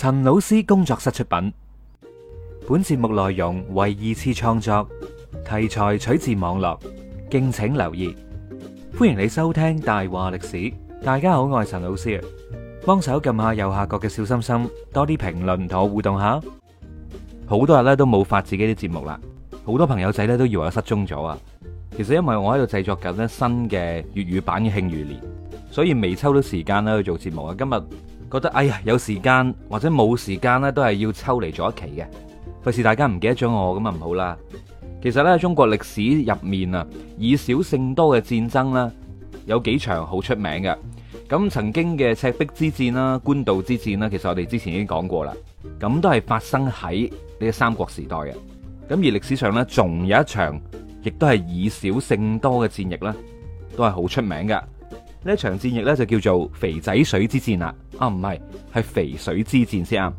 陳老師工作室出品，本節目內容為二次創作，題材取自網絡，敬請留意。歡迎你收聽《大話歷史》，大家好，我係陳老師啊！幫手撳下右下角嘅小心心，多啲評論同我互動下。好多日咧都冇發自己啲節目啦，好多朋友仔咧都以為我失蹤咗啊！其實因為我喺度製作緊咧新嘅粵語版嘅《慶餘年》，所以未抽到時間咧去做節目啊！今日。覺得哎呀，有時間或者冇時間咧，都係要抽離咗一期嘅，費事大家唔記得咗我咁啊，唔好啦。其實呢，中國歷史入面啊，以少勝多嘅戰爭啦，有幾場好出名嘅。咁曾經嘅赤壁之戰啦、官渡之戰啦，其實我哋之前已經講過啦。咁都係發生喺呢個三國時代嘅。咁而歷史上呢，仲有一場，亦都係以少勝多嘅戰役啦，都係好出名嘅。呢一場戰役咧就叫做肥仔水之戰啦，啊唔係，係淝水之戰先啱！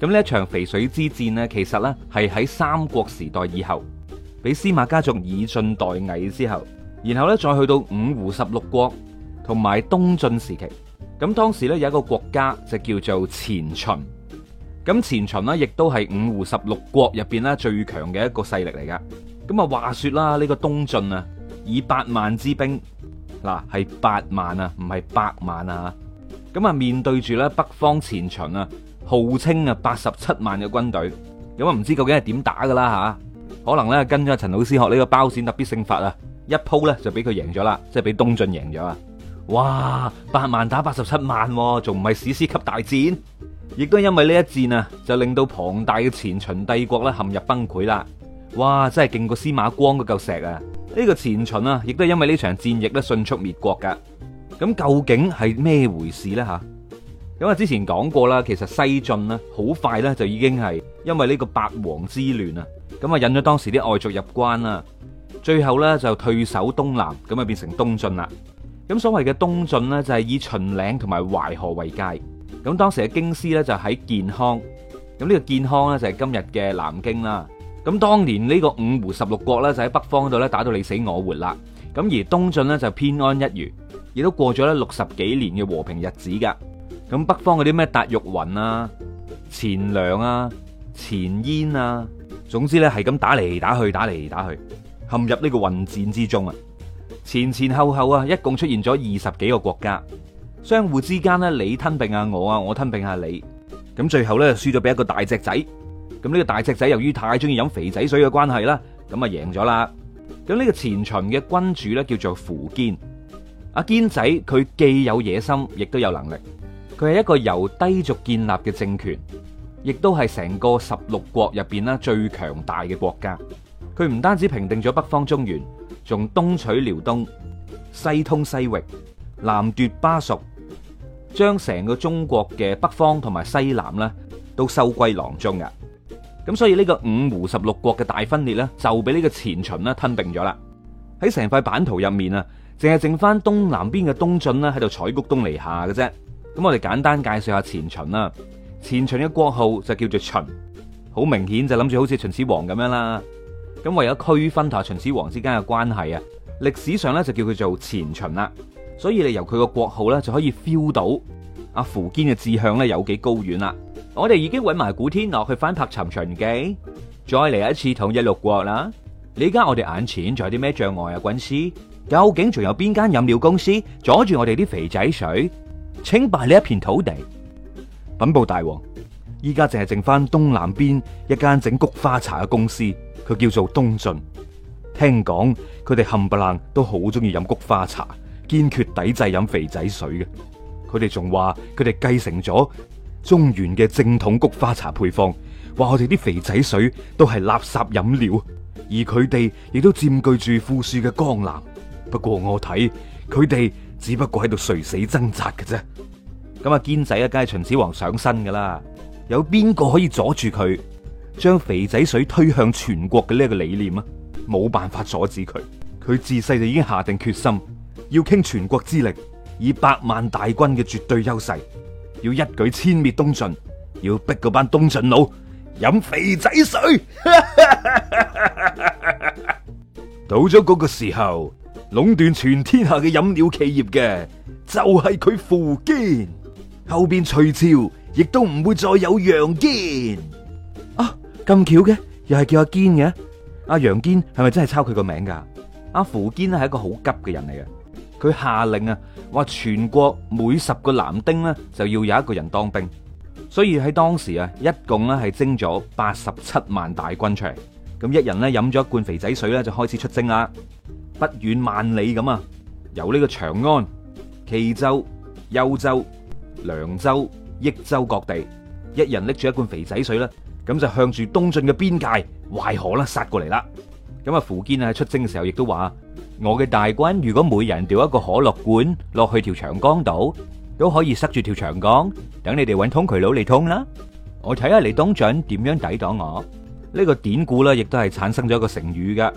咁呢一場淝水之戰呢，其實呢，係喺三國時代以後，俾司馬家族以晉代魏之後，然後呢，再去到五胡十六國同埋東晉時期。咁當時呢，有一個國家就叫做前秦，咁前秦呢，亦都係五胡十六國入邊呢，最強嘅一個勢力嚟噶。咁啊，話說啦，呢個東晉啊，以八萬之兵。嗱，係八萬啊，唔係百萬啊，咁啊面對住咧北方前秦啊，號稱啊八十七萬嘅軍隊，咁啊唔知究竟係點打噶啦吓，可能咧跟咗陳老師學呢個包閃特必勝法啊，一鋪咧就俾佢贏咗啦，即係俾東晉贏咗啊！哇，八萬打八十七萬，仲唔係史詩級大戰？亦都因為呢一戰啊，就令到龐大嘅前秦帝國咧陷入崩潰啦。哇！真係勁過司馬光嗰嚿石啊！呢個前秦啊，亦都係因為呢場戰役咧，迅速滅國噶。咁究竟係咩回事呢？吓咁啊，之前講過啦，其實西晉呢，好快呢，就已經係因為呢個八王之亂啊，咁啊引咗當時啲外族入關啦，最後呢，就退守東南，咁啊變成東晉啦。咁所謂嘅東晉呢，就係以秦嶺同埋淮河為界。咁當時嘅京師呢，就喺建康，咁呢個建康呢，就係今日嘅南京啦。咁當年呢個五胡十六國咧就喺北方嗰度咧打到你死我活啦，咁而東晉呢，就偏安一隅，亦都過咗咧六十幾年嘅和平日子噶。咁北方嗰啲咩達玉云啊、前涼啊、前燕啊，總之呢係咁打嚟打去，打嚟打去，陷入呢個混戰之中啊！前前後後啊，一共出現咗二十幾個國家，相互之間呢，你吞併下、啊、我啊，我吞併下、啊、你，咁最後呢，輸咗俾一個大隻仔。咁呢個大隻仔由於太中意飲肥仔水嘅關係啦，咁啊贏咗啦。咁呢個前秦嘅君主咧叫做苻堅，阿堅仔佢既有野心，亦都有能力。佢係一個由氐族建立嘅政權，亦都係成個十六國入邊啦最強大嘅國家。佢唔單止平定咗北方中原，仲東取遼東、西通西域、南奪巴蜀，將成個中國嘅北方同埋西南啦都收歸囊中㗎！咁所以呢個五胡十六國嘅大分裂呢，就俾呢個前秦咧吞併咗啦。喺成塊版圖入面啊，淨係剩翻東南邊嘅東晉呢，喺度採菊東籬下嘅啫。咁我哋簡單介紹下前秦啦。前秦嘅國號就叫做秦，好明顯就諗住好似秦始皇咁樣啦。咁為咗區分下秦始皇之間嘅關係啊，歷史上呢，就叫佢做前秦啦。所以你由佢個國號呢，就可以 feel 到阿苻堅嘅志向呢，有幾高遠啦。我哋已經搵埋古天樂去翻拍《尋秦記》，再嚟一次統一六國啦！你而家我哋眼前仲有啲咩障礙啊？軍師，究竟仲有邊間飲料公司阻住我哋啲肥仔水？稱霸呢一片土地，稟報大王，依家淨係剩翻東南邊一間整菊花茶嘅公司，佢叫做東晉。聽講佢哋冚唪唥都好中意飲菊花茶，堅決抵制飲肥仔水嘅。佢哋仲話佢哋繼承咗。中原嘅正統菊花茶配方，話我哋啲肥仔水都係垃圾飲料，而佢哋亦都佔據住富庶嘅江南。不過我睇佢哋只不過喺度垂死掙扎嘅啫。咁啊，堅仔啊，梗係秦始皇上身噶啦，有邊個可以阻住佢將肥仔水推向全國嘅呢個理念啊？冇辦法阻止佢，佢自細就已經下定決心要傾全國之力，以百萬大軍嘅絕對優勢。要一舉殲滅東晉，要逼嗰班東晉佬飲肥仔水。到咗嗰個時候，壟斷全天下嘅飲料企業嘅就係佢苻堅，後邊隋朝亦都唔會再有楊堅。啊，咁巧嘅，又係叫阿堅嘅，阿楊堅係咪真係抄佢個名噶？阿苻堅係一個好急嘅人嚟嘅。佢下令啊，話全國每十個男丁呢，就要有一個人當兵，所以喺當時啊，一共呢係徵咗八十七萬大軍出嚟，咁一人呢，飲咗一罐肥仔水咧就開始出征啦，不遠萬里咁啊，由呢個長安、冀州、幽州、涼州、益州各地，一人拎住一罐肥仔水咧，咁就向住東晉嘅邊界淮河啦殺過嚟啦，咁啊苻堅啊喺出征嘅時候亦都話。我嘅大軍如果每人掉一個可樂罐落去條長江度，都可以塞住條長江，等你哋揾通渠佬嚟通啦。我睇下你東晉點樣抵擋我。呢個典故咧，亦都係產生咗一個成語嘅，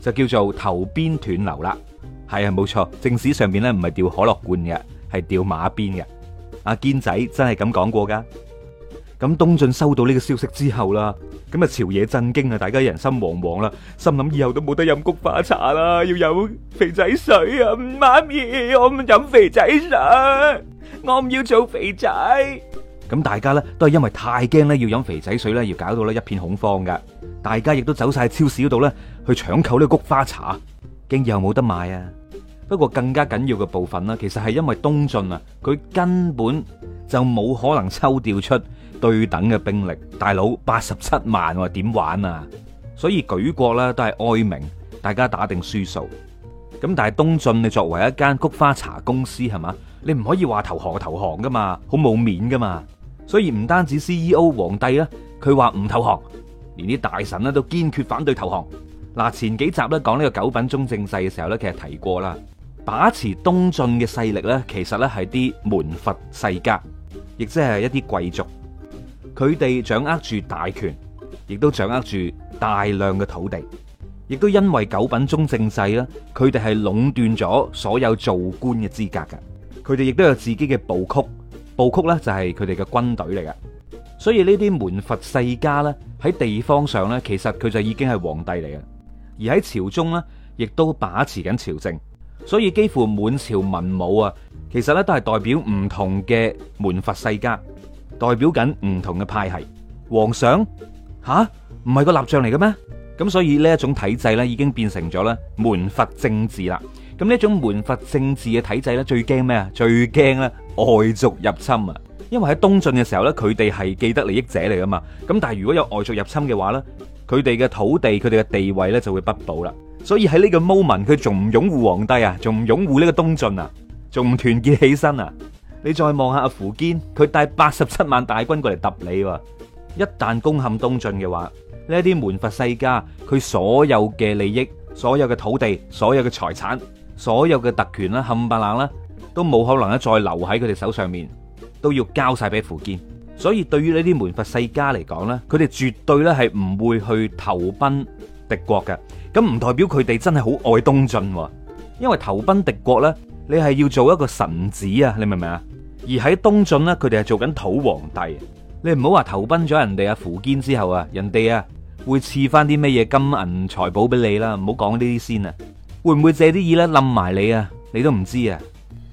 就叫做投鞭斷流啦。係啊，冇錯，正史上邊咧唔係掉可樂罐嘅，係掉馬鞭嘅。阿堅仔真係咁講過噶。咁東晉收到呢個消息之後啦，咁啊朝野震驚啊，大家人心惶惶啦，心諗以後都冇得飲菊花茶啦，要有肥仔水啊！媽咪，我唔飲肥仔水，我唔要做肥仔。咁大家咧都係因為太驚咧要飲肥仔水咧，而搞到咧一片恐慌噶。大家亦都走晒去超市嗰度咧去搶購呢個菊花茶，驚以後冇得買啊。不過更加緊要嘅部分啦，其實係因為東晉啊，佢根本就冇可能抽調出。對等嘅兵力，大佬八十七萬，我話點玩啊？所以舉國咧都係哀鳴，大家打定輸數。咁但係東晉你作為一間菊花茶公司係嘛？你唔可以話投降投降噶嘛，好冇面噶嘛。所以唔單止 CEO 皇帝啊，佢話唔投降，連啲大臣咧都堅決反對投降。嗱，前幾集咧講呢個九品中正制嘅時候咧，其實提過啦，把持東晉嘅勢力咧，其實咧係啲門閥世家，亦即係一啲貴族。佢哋掌握住大權，亦都掌握住大量嘅土地，亦都因為九品中正制啦，佢哋係壟斷咗所有做官嘅資格嘅。佢哋亦都有自己嘅部曲，部曲咧就係佢哋嘅軍隊嚟嘅。所以呢啲門閥世家咧喺地方上咧，其實佢就已經係皇帝嚟嘅，而喺朝中咧亦都把持緊朝政，所以幾乎滿朝文武啊，其實咧都係代表唔同嘅門閥世家。代表緊唔同嘅派系，皇上吓唔係個立像嚟嘅咩？咁所以呢一種體制呢已經變成咗呢門閥政治啦。咁呢一種門閥政治嘅體制呢，最驚咩啊？最驚呢外族入侵啊！因為喺東晉嘅時候呢，佢哋係既得利益者嚟噶嘛。咁但係如果有外族入侵嘅話呢，佢哋嘅土地、佢哋嘅地位呢就會不保啦。所以喺呢個 moment，佢仲唔擁護皇帝啊？仲唔擁護呢個東晉啊？仲唔團結起身啊？你再望下阿苻堅，佢帶八十七萬大軍過嚟揼你，一旦攻陷東晉嘅話，呢啲門閥世家，佢所有嘅利益、所有嘅土地、所有嘅財產、所有嘅特權啦、冚唪唥啦，都冇可能再留喺佢哋手上面，都要交晒俾苻堅。所以對於呢啲門閥世家嚟講呢，佢哋絕對呢係唔會去投奔敵國嘅。咁唔代表佢哋真係好愛東晉，因為投奔敵國呢，你係要做一個臣子啊！你明唔明啊？而喺東晉咧，佢哋係做緊土皇帝。你唔好話投奔咗人哋阿苻堅之後啊，人哋啊會賜翻啲咩嘢金銀財寶俾你啦。唔好講呢啲先啊，會唔會借啲意咧冧埋你啊？你都唔知啊。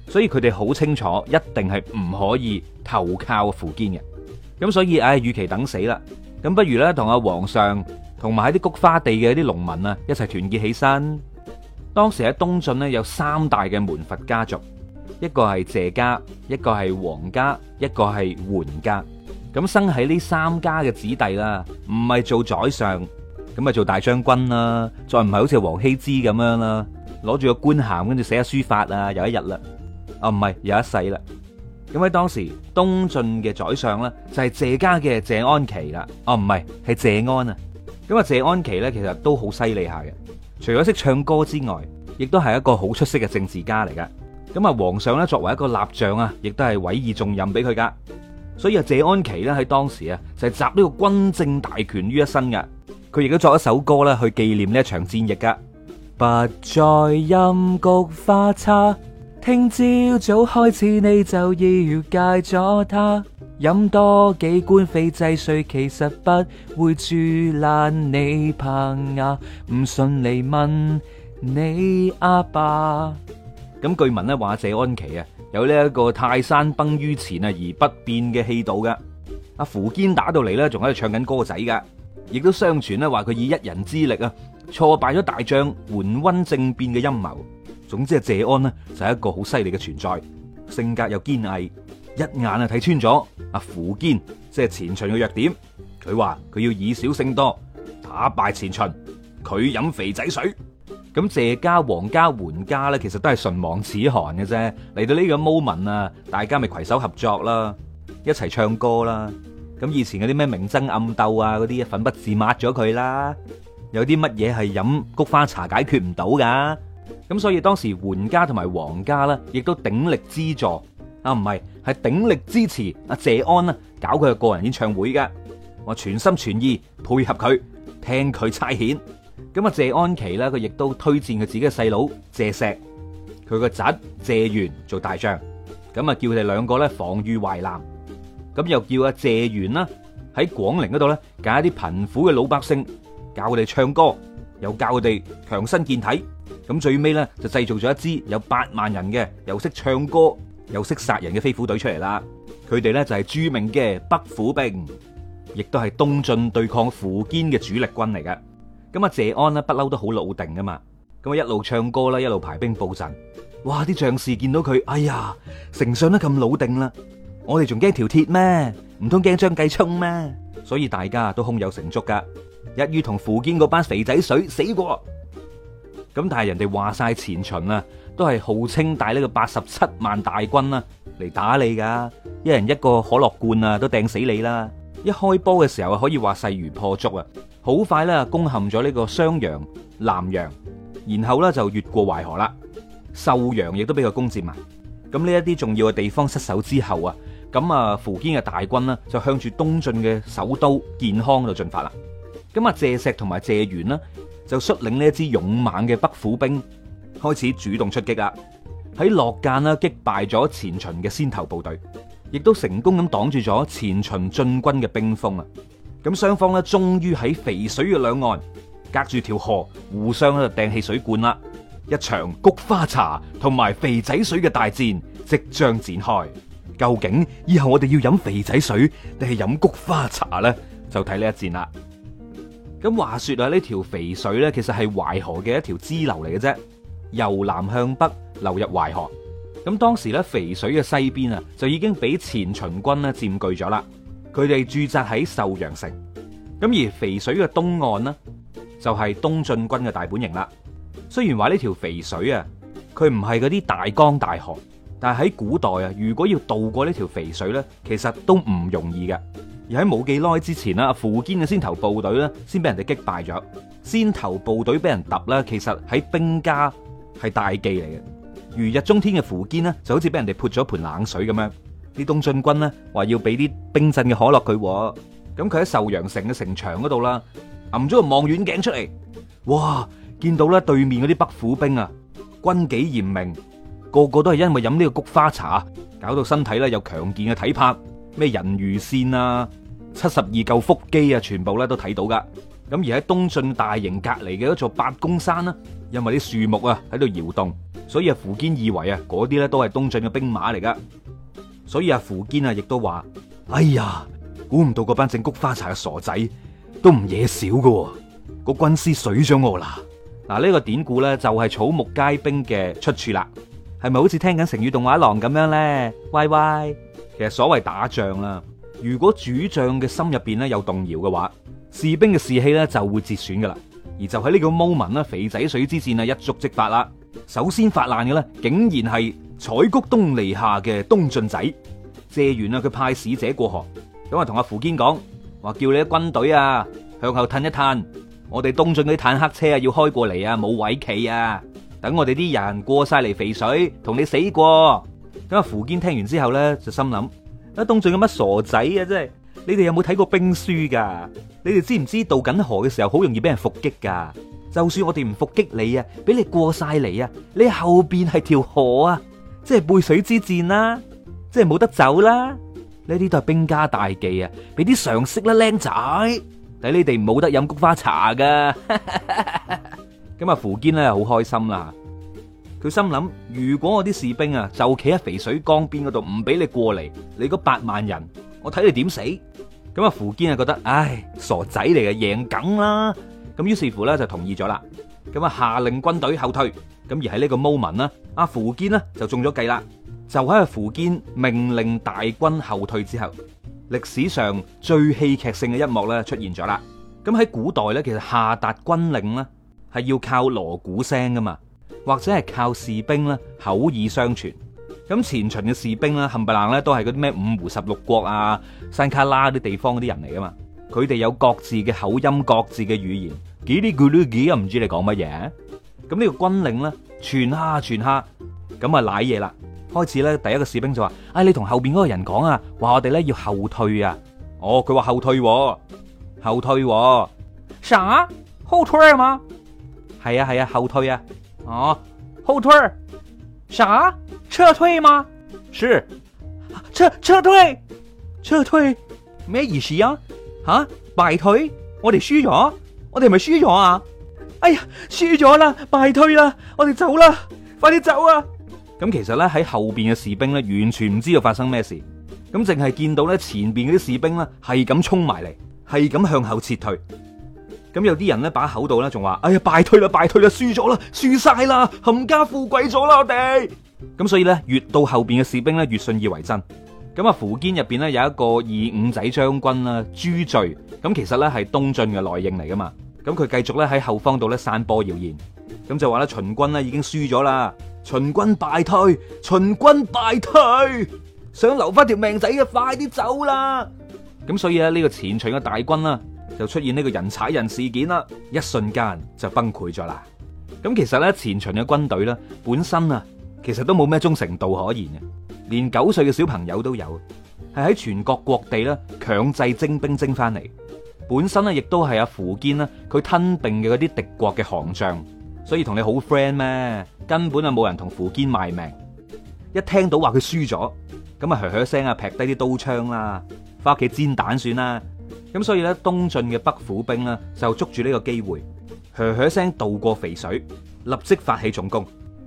所以佢哋好清楚，一定係唔可以投靠苻堅嘅。咁所以，唉、哎，與其等死啦，咁不如咧同阿皇上同埋喺啲菊花地嘅啲農民啊一齊團結起身。當時喺東晉咧有三大嘅門閥家族。一個係謝家，一個係王家，一個係桓家。咁生喺呢三家嘅子弟啦，唔係做宰相，咁啊做大將軍啦，再唔係好似王羲之咁樣啦，攞住個官銜跟住寫下書法啊，有一日啦，啊唔係有一世啦。咁喺當時東晉嘅宰相呢，就係謝家嘅謝安琪啦，哦唔係係謝安啊。咁啊謝安琪呢，其實都好犀利下嘅，除咗識唱歌之外，亦都係一個好出色嘅政治家嚟噶。.咁啊，皇上咧作為一個立將啊，亦都係委以重任俾佢噶，所以啊，謝安琪呢，喺當時啊，就係集呢個軍政大權於一身噶，佢亦都作一首歌咧去紀念呢一場戰役噶。不再飲菊花茶，聽朝早，早開始你就要戒咗它。飲多幾罐肥仔水，其實不會蛀爛你棚牙，唔信你問你阿爸，爸。咁據聞咧話謝安琪啊有呢一個泰山崩於前啊而不變嘅氣度噶，阿苻堅打到嚟咧仲喺度唱緊歌仔噶，亦都相傳咧話佢以一人之力啊挫敗咗大將桓溫政變嘅陰謀。總之啊，謝安呢就係一個好犀利嘅存在，性格又堅毅，一眼啊睇穿咗阿苻堅即係前秦嘅弱點。佢話佢要以少勝多，打敗前秦，佢飲肥仔水。咁謝家、王家、桓家咧，其實都係唇亡齒寒嘅啫。嚟到呢個 moment 啊，大家咪携手合作啦，一齊唱歌啦。咁以前嗰啲咩明爭暗鬥啊，嗰啲粉筆字抹咗佢啦。有啲乜嘢係飲菊花茶解決唔到噶？咁所以當時桓家同埋王家咧，亦都鼎力資助，啊唔係係鼎力支持阿謝安咧搞佢嘅個人演唱會嘅，我全心全意配合佢，聽佢差遣。咁啊，謝安琪呢，佢亦都推薦佢自己嘅細佬謝石，佢個侄謝玄做大將。咁啊，叫佢哋兩個咧，防禦淮南。咁又叫阿謝玄啦，喺廣陵嗰度咧，揀一啲貧苦嘅老百姓，教佢哋唱歌，又教佢哋強身健體。咁最尾咧，就製造咗一支有八萬人嘅，又識唱歌又識殺人嘅飛虎隊出嚟啦。佢哋咧就係著名嘅北府兵，亦都係東晉對抗苻堅嘅主力軍嚟嘅。咁啊，謝安呢，不嬲，都好老定噶嘛，咁啊一路唱歌啦，一路排兵布陣，哇！啲將士見到佢，哎呀，丞相都咁老定啦，我哋仲驚條鐵咩？唔通驚張繼聰咩？所以大家都胸有成竹噶，一於同苻堅嗰班肥仔水死過。咁但係人哋話晒前秦啊，都係號稱帶呢個八十七萬大軍啊，嚟打你噶，一人一個可樂罐啊，都掟死你啦！一開波嘅時候可以話勢如破竹啊！好快咧，攻陷咗呢個襄陽、南陽，然後咧就越過淮河啦。壽陽亦都俾佢攻佔埋。咁呢一啲重要嘅地方失守之後啊，咁啊苻堅嘅大軍呢就向住東晉嘅首都建康度進發啦。咁啊謝石同埋謝玄呢就率領呢一支勇猛嘅北府兵，開始主動出擊啦。喺洛澗呢擊敗咗前秦嘅先頭部隊，亦都成功咁擋住咗前秦進軍嘅兵鋒啊。咁雙方呢終於喺淝水嘅兩岸隔住條河，互相喺度掟汽水罐啦！一場菊花茶同埋肥仔水嘅大戰即將展開。究竟以後我哋要飲肥仔水定係飲菊花茶呢？就睇呢一戰啦！咁話說啊，呢條淝水呢其實係淮河嘅一條支流嚟嘅啫，由南向北流入淮河。咁當時呢淝水嘅西邊啊，就已經俾前秦軍咧佔據咗啦。佢哋駐紮喺壽陽城，咁而淝水嘅東岸呢，就係東晉軍嘅大本營啦。雖然話呢條淝水啊，佢唔係嗰啲大江大河，但係喺古代啊，如果要渡過呢條淝水呢，其實都唔容易嘅。而喺冇幾耐之前啦，苻堅嘅先頭部隊呢，先俾人哋擊敗咗。先頭部隊俾人揼啦，其實喺兵家係大忌嚟嘅。如日中天嘅苻堅呢，就好似俾人哋潑咗一盆冷水咁樣。啲東晉軍呢，話要俾啲冰鎮嘅可樂佢，咁佢喺壽陽城嘅城牆嗰度啦，揞咗個望遠鏡出嚟，哇！見到咧對面嗰啲北府兵啊，軍紀嚴明，個個都係因為飲呢個菊花茶，搞到身體咧有強健嘅體魄，咩人魚線啊、七十二嚿腹肌啊，全部咧都睇到噶。咁而喺東晉大營隔籬嘅一座八公山呢，因為啲樹木啊喺度搖動，所以啊苻堅以為啊嗰啲咧都係東晉嘅兵馬嚟噶。所以阿苻堅啊，亦都話：哎呀，估唔到嗰班整菊花茶嘅傻仔都唔嘢少嘅，個軍師水咗我啦！嗱，呢個典故咧就係草木皆兵嘅出處啦。係咪好似聽緊成語動畫廊咁樣咧？喂喂，其實所謂打仗啦，如果主將嘅心入邊咧有動搖嘅話，士兵嘅士氣咧就會折損噶啦。而就喺呢個 moment 啦，淝仔水之戰啊，一觸即發啦。首先發爛嘅咧，竟然係。採菊東籬下嘅東晉仔借完啊，佢派使者過河咁啊，同阿苻堅講話，叫你啲軍隊啊向後褪一褪，我哋東晉嗰啲坦克車啊要開過嚟啊，冇位企啊，等我哋啲人過晒嚟肥水，同你死過咁啊。苻堅聽完之後咧就心諗：啊，東晉有乜傻仔啊，真係你哋有冇睇過兵書噶？你哋知唔知道渡緊河嘅時候好容易俾人伏擊噶？就算我哋唔伏擊你啊，俾你過晒嚟啊，你後邊係條河啊！即係背水之戰啦，即係冇得走啦，呢啲都係兵家大忌啊！俾啲常識啦，靚仔，睇你哋冇得飲菊花茶噶。咁啊，苻堅咧好開心啦，佢心諗如果我啲士兵啊就企喺淝水江邊嗰度，唔俾你過嚟，你嗰八萬人，我睇你點死。咁啊，苻堅啊覺得唉，傻仔嚟啊，贏梗啦。咁於是乎咧就同意咗啦，咁啊下令軍隊後退。咁而喺呢個 moment 咧，阿苻堅呢就中咗計啦。就喺阿苻堅命令大軍後退之後，歷史上最戲劇性嘅一幕咧出現咗啦。咁喺古代咧，其實下達軍令咧係要靠鑼鼓聲噶嘛，或者係靠士兵咧口耳相傳。咁前秦嘅士兵咧冚唪唥咧都係嗰啲咩五胡十六國啊、山卡拉啲地方嗰啲人嚟噶嘛，佢哋有各自嘅口音、各自嘅語言，嘰哩咕嚕幾句唔知你講乜嘢。咁呢個軍令咧，傳下傳下，咁啊，瀨嘢啦。開始咧，第一個士兵就話：哎，你同後邊嗰個人講啊，話我哋咧要後退啊。哦，佢話後退，後退，啥？後退啊嘛？係啊係啊，後退啊。哦，後退，啥？撤退嘛？是，啊、撤撤退，撤退咩意思啊？吓、啊，敗退？我哋輸咗？我哋係咪輸咗啊？哎呀，輸咗啦，敗退啦，我哋走啦，快啲走啊！咁其實咧喺後邊嘅士兵咧，完全唔知道發生咩事，咁淨係見到咧前邊嗰啲士兵咧係咁衝埋嚟，係咁向後撤退。咁有啲人咧把口度咧仲話：哎呀，敗退啦，敗退啦，輸咗啦，輸晒啦，冚家富貴咗啦，我哋！咁所以咧，越到後邊嘅士兵咧越信以為真。咁啊，苻堅入邊咧有一個二五仔將軍啦，朱序，咁其實咧係東晉嘅內應嚟噶嘛。咁佢繼續咧喺後方度咧散播謠言，咁就話咧秦軍咧已經輸咗啦，秦軍敗退，秦軍敗退，想留翻條命仔嘅快啲走啦！咁所以咧呢個前秦嘅大軍啦，就出現呢個人踩人事件啦，一瞬間就崩潰咗啦。咁其實咧前秦嘅軍隊咧本身啊，其實都冇咩忠誠度可言嘅，連九歲嘅小朋友都有，係喺全國各地咧強制徵兵徵翻嚟。本身咧，亦都係阿苻堅咧，佢吞併嘅嗰啲敵國嘅行將，所以同你好 friend 咩？根本啊冇人同苻堅賣命。一聽到話佢輸咗，咁啊，噓噓聲啊，劈低啲刀槍啦，翻屋企煎蛋算啦。咁所以咧，東晉嘅北府兵啦，就捉住呢個機會，噓噓聲渡過淝水，立即發起總攻，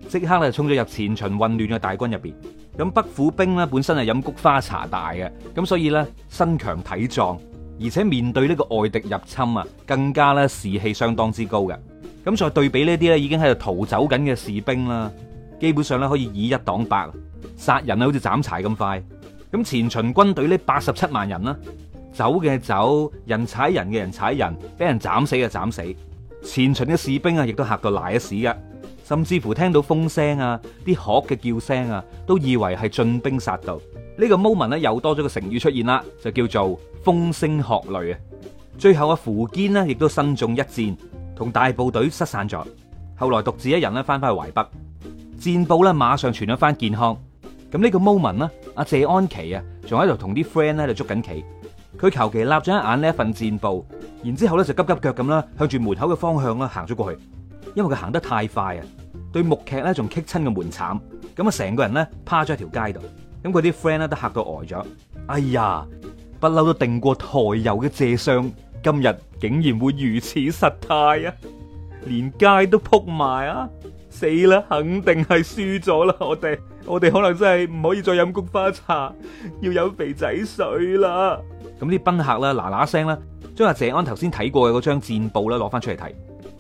即刻咧衝咗入前秦混亂嘅大軍入邊。咁北府兵咧本身係飲菊花茶大嘅，咁所以咧身強體壯。而且面對呢個外敵入侵啊，更加咧士氣相當之高嘅。咁再對比呢啲咧已經喺度逃走緊嘅士兵啦，基本上咧可以以一擋八，殺人啊好似斬柴咁快。咁前秦軍隊呢八十七萬人啦，走嘅走，人踩人嘅人踩人，俾人斬死就斬死。前秦嘅士兵啊，亦都嚇到賴一屎噶，甚至乎聽到風聲啊、啲鶴嘅叫聲啊，都以為係進兵殺到。呢個 moment 咧又多咗個成語出現啦，就叫做風聲鶴唳啊！最後阿苻堅呢亦都身中一箭，同大部隊失散咗，後來獨自一人咧翻翻去淮北。戰報咧馬上傳咗翻健康，咁、這、呢個 moment 呢，阿謝安琪啊，仲喺度同啲 friend 咧喺度捉緊棋，佢求其立咗一眼呢一份戰報，然之後咧就急急腳咁啦，向住門口嘅方向啦行咗過去，因為佢行得太快啊，對木屐咧仲棘親個門閘，咁啊成個人咧趴咗喺條街度。咁佢啲 friend 咧都嚇到呆咗，哎呀，不嬲都定過抬油嘅謝安，今日竟然會如此失態啊！連街都撲埋啊！死啦，肯定係輸咗啦！我哋我哋可能真係唔可以再飲菊花茶，要飲肥仔水啦！咁啲賓客啦嗱嗱聲啦，將阿謝安頭先睇過嘅嗰張戰報啦，攞翻出嚟睇，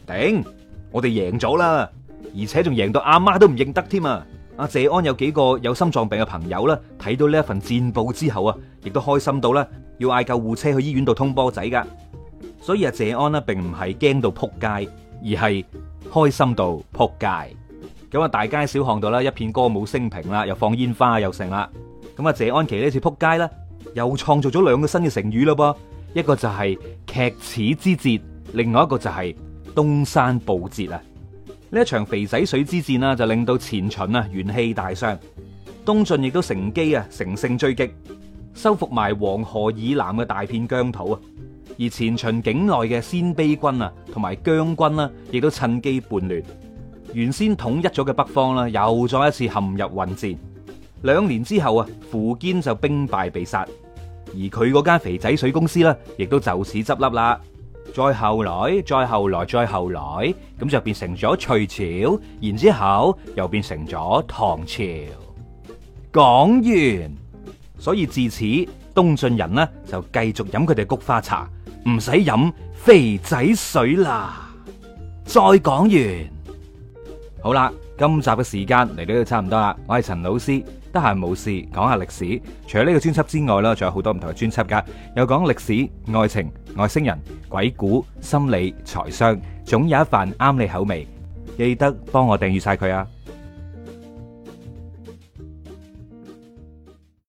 頂！我哋贏咗啦，而且仲贏到阿媽都唔認得添啊！阿謝安有幾個有心臟病嘅朋友啦，睇到呢一份戰報之後啊，亦都開心到啦，要嗌救護車去醫院度通波仔噶。所以阿謝安咧，並唔係驚到扑街，而係開心到扑街。咁啊，大街小巷度啦，一片歌舞升平啦，又放煙花又成啦。咁阿謝安琪呢次扑街咧，又創造咗兩個新嘅成語啦噃，一個就係“屐齒之折”，另外一個就係“東山報捷”啊。呢一場肥仔水之戰就令到前秦啊元氣大傷，東晉亦都乘機啊乘勝追擊，收復埋黃河以南嘅大片疆土啊，而前秦境內嘅鮮卑軍啊同埋羌軍亦都趁機叛亂，原先統一咗嘅北方又再一次陷入混戰。兩年之後啊，苻堅就兵敗被殺，而佢嗰間肥仔水公司亦都就此執笠啦。再後來，再後來，再後來，咁就變成咗隋朝，然之後又變成咗唐朝。講完，所以自此，東晉人呢，就繼續飲佢哋菊花茶，唔使飲肥仔水啦。再講完，好啦，今集嘅時間嚟到都差唔多啦，我係陳老師。得閒冇事講下歷史，除咗呢個專輯之外呢，仲有好多唔同嘅專輯噶，有講歷史、愛情、外星人、鬼故、心理、財商，總有一份啱你口味。記得幫我訂閱晒佢啊！